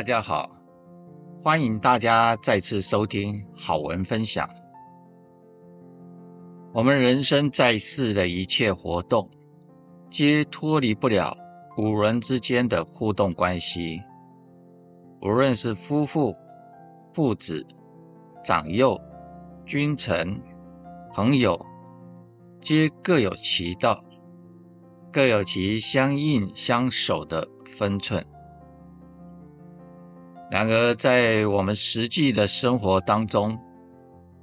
大家好，歡迎大家再次收聽好文分享。我們人生在世的一切活動，皆脫離不了五倫之間的互動關係。無論是夫婦、父子、長幼、君臣、朋友，皆各有其道，各有其相應相守的分寸。然而，在我們實際的生活當中，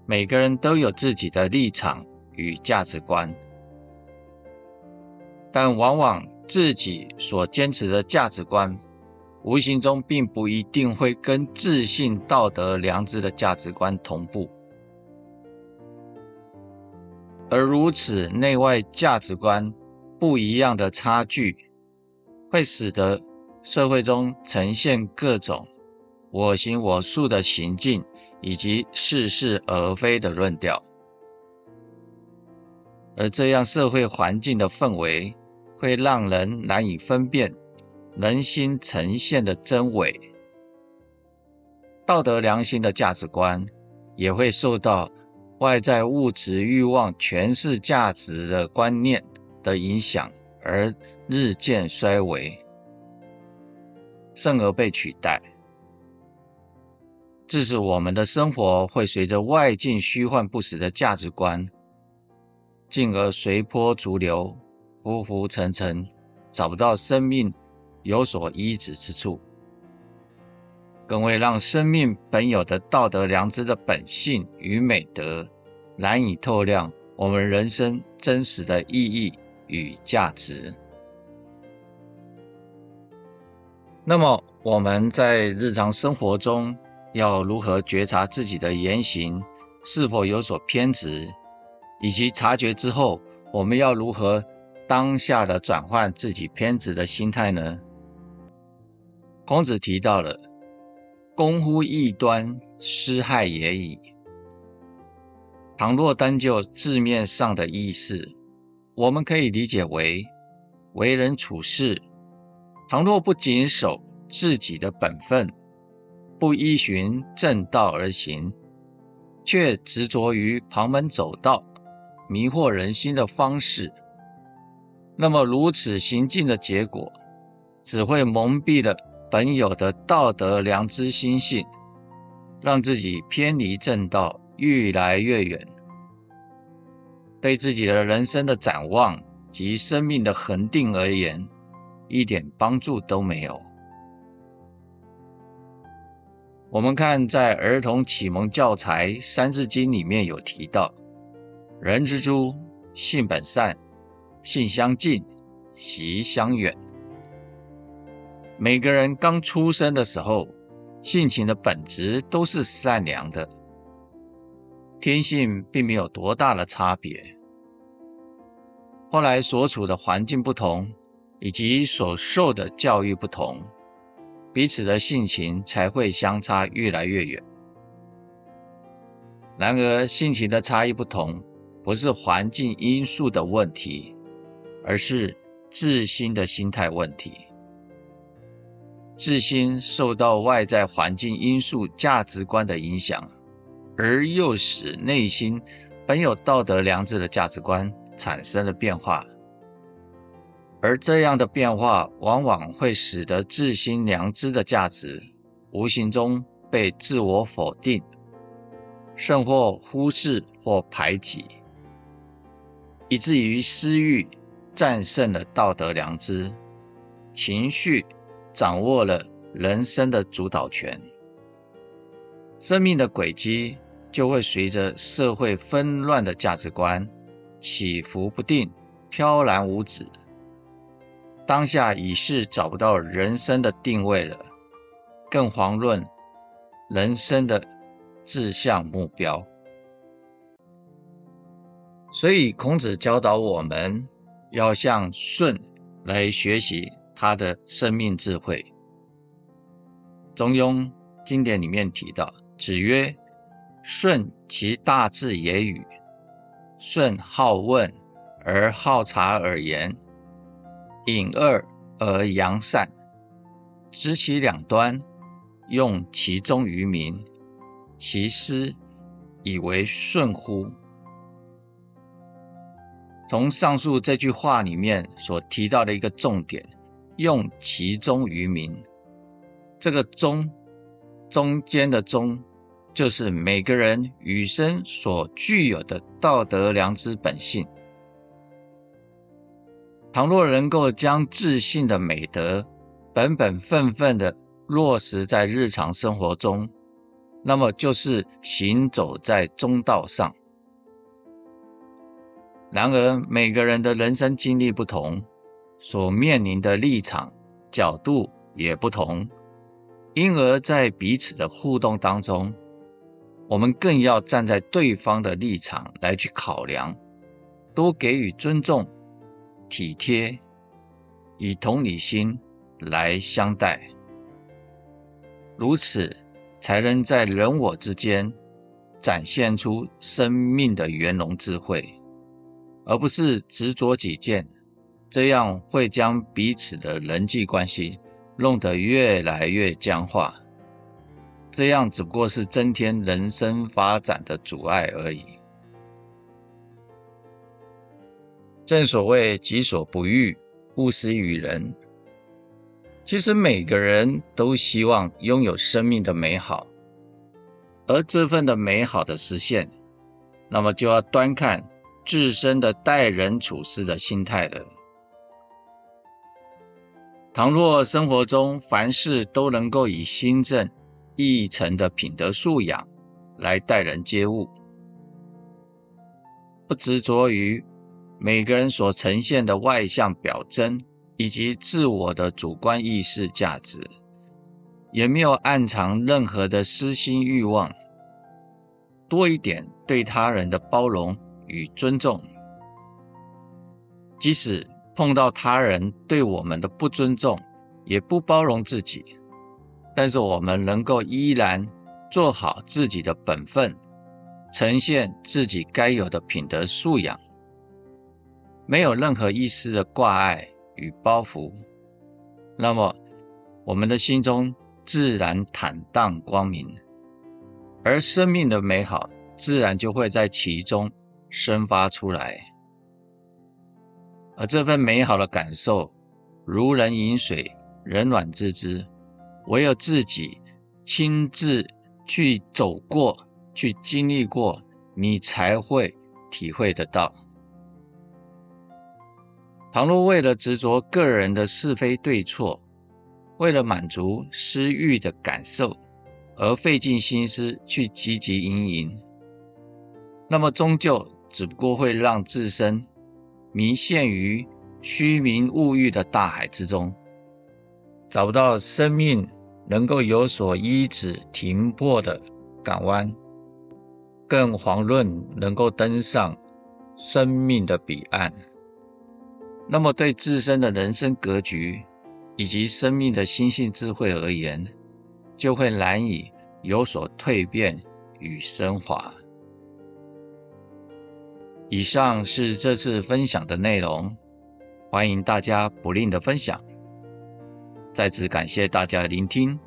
每個人都有自己的立場與價值觀，但往往自己所堅持的價值觀，無形中並不一定會跟自性、道德、良知的價值觀同步。而如此內外價值觀不一樣的差距，會使得社會中呈現各種，我行我素的行徑，以及似是而非的論調，而這樣社會環境的氛圍，會讓人難以分辨人心呈現的真偽，道德良心的價值觀，也會受到外在物質欲望詮釋價值的觀念的影響而日漸衰微，甚而被取代。致使我們的生活會隨着外境虛幻不實的價值觀，進而隨波逐流、浮浮沉沉，找不到生命有所依止之處，更為讓生命本有的道德良知的本性與美德難以透亮，我們人生真實的意義與價值。那麼我們在日常生活中，要如何覺察自己的言行是否有所偏執，以及察覺之後，我們要如何當下的轉換自己偏執的心態呢？孔子提到了“攻乎異端，斯害也已”。倘若單就字面上的意思，我們可以理解為為人處事，倘若不謹守自己的本分。不依循正道而行，卻執着於旁門走道、迷惑人心的方式，那麼如此行進的結果，只會蒙蔽了本有的道德良知心性，讓自己偏離正道越來越遠。對自己的人生的展望及生命的恆定而言，一點幫助都沒有。我們看，在兒童啟蒙教材《三字經》裡面有提到：“人之初，性本善，性相近，習相遠。”每個人剛出生的時候，性情的本質都是善良的，天性並沒有多大的差別。後來所處的環境不同，以及所受的教育不同。彼此的性情才會相差越來越遠。然而，性情的差異不同，不是環境因素的問題，而是自心的心態問題。自心受到外在環境因素價值觀的影響，而又使內心本有道德良知的價值觀產生了變化。而這樣的變化，往往會使得自心良知的價值，無形中被自我否定，甚或忽視或排擠，以至於私欲戰勝了道德良知，情緒掌握了人生的主導權，生命的軌跡就會隨着社會紛亂的價值觀起伏不定，飄然無止。當下已是找不到人生的定位了，更遑論人生的志向目標。所以，孔子教導我們要向舜來學習他的生命智慧。《中庸》經典裡面提到：“子曰，舜其大智也與？舜好問而好察邇言。”隱惡而揚善，執其兩端，用其中於民，其斯以為舜乎？從上述這句話裡面所提到的一個重點，“用其中於民”，這個“中”中間的“中”，就是每個人與生所具有的道德良知本性。倘若能夠將自性的美德本本分分地落實在日常生活中，那麼就是行走在中道上。然而，每個人的人生經歷不同，所面臨的立場角度也不同，因而，在彼此的互動當中，我們更要站在對方的立場來去考量，多給予尊重。體貼，以同理心來相待，如此才能在人我之間展現出生命的圓融智慧，而不是執着己見。這樣會將彼此的人際關係弄得越來越僵化，這樣只不過是增添人生發展的阻礙而已。正所謂“己所不欲，勿施於人”。其實每個人都希望擁有生命的美好，而這份的美好的實現，那麼就要端看自身的待人處事的心態了。倘若生活中凡事都能夠以心正、意誠的品德素養來待人接物，不執着於每個人所呈現的外向表徵以及自我的主觀意識價值，也沒有暗藏任何的私心欲望，多一點對他人的包容與尊重，即使碰到他人對我們的不尊重，也不包容自己。但是我們能夠依然做好自己的本分，呈現自己該有的品德素養。沒有任何一絲的掛礙與包袱，那麼我們的心中自然坦蕩光明，而生命的美好自然就會在其中生發出來。而這份美好的感受，如人飲水，冷暖自知，唯有自己親自去走過，去經歷過，你才會體會得到。倘若為了執着個人的是非對錯，為了滿足私欲的感受，而費盡心思去汲汲營營，那麼終究只不過會讓自身迷陷於虛名物欲的大海之中，找不到生命能夠有所依止停泊的港灣，更遑論能夠登上生命的彼岸。那麼，對自身的人生格局以及生命的心性智慧而言，就會難以有所蛻變與昇華。以上是這次分享的內容，歡迎大家不吝的分享。再次感謝大家的聆聽，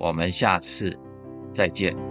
我們下次再見。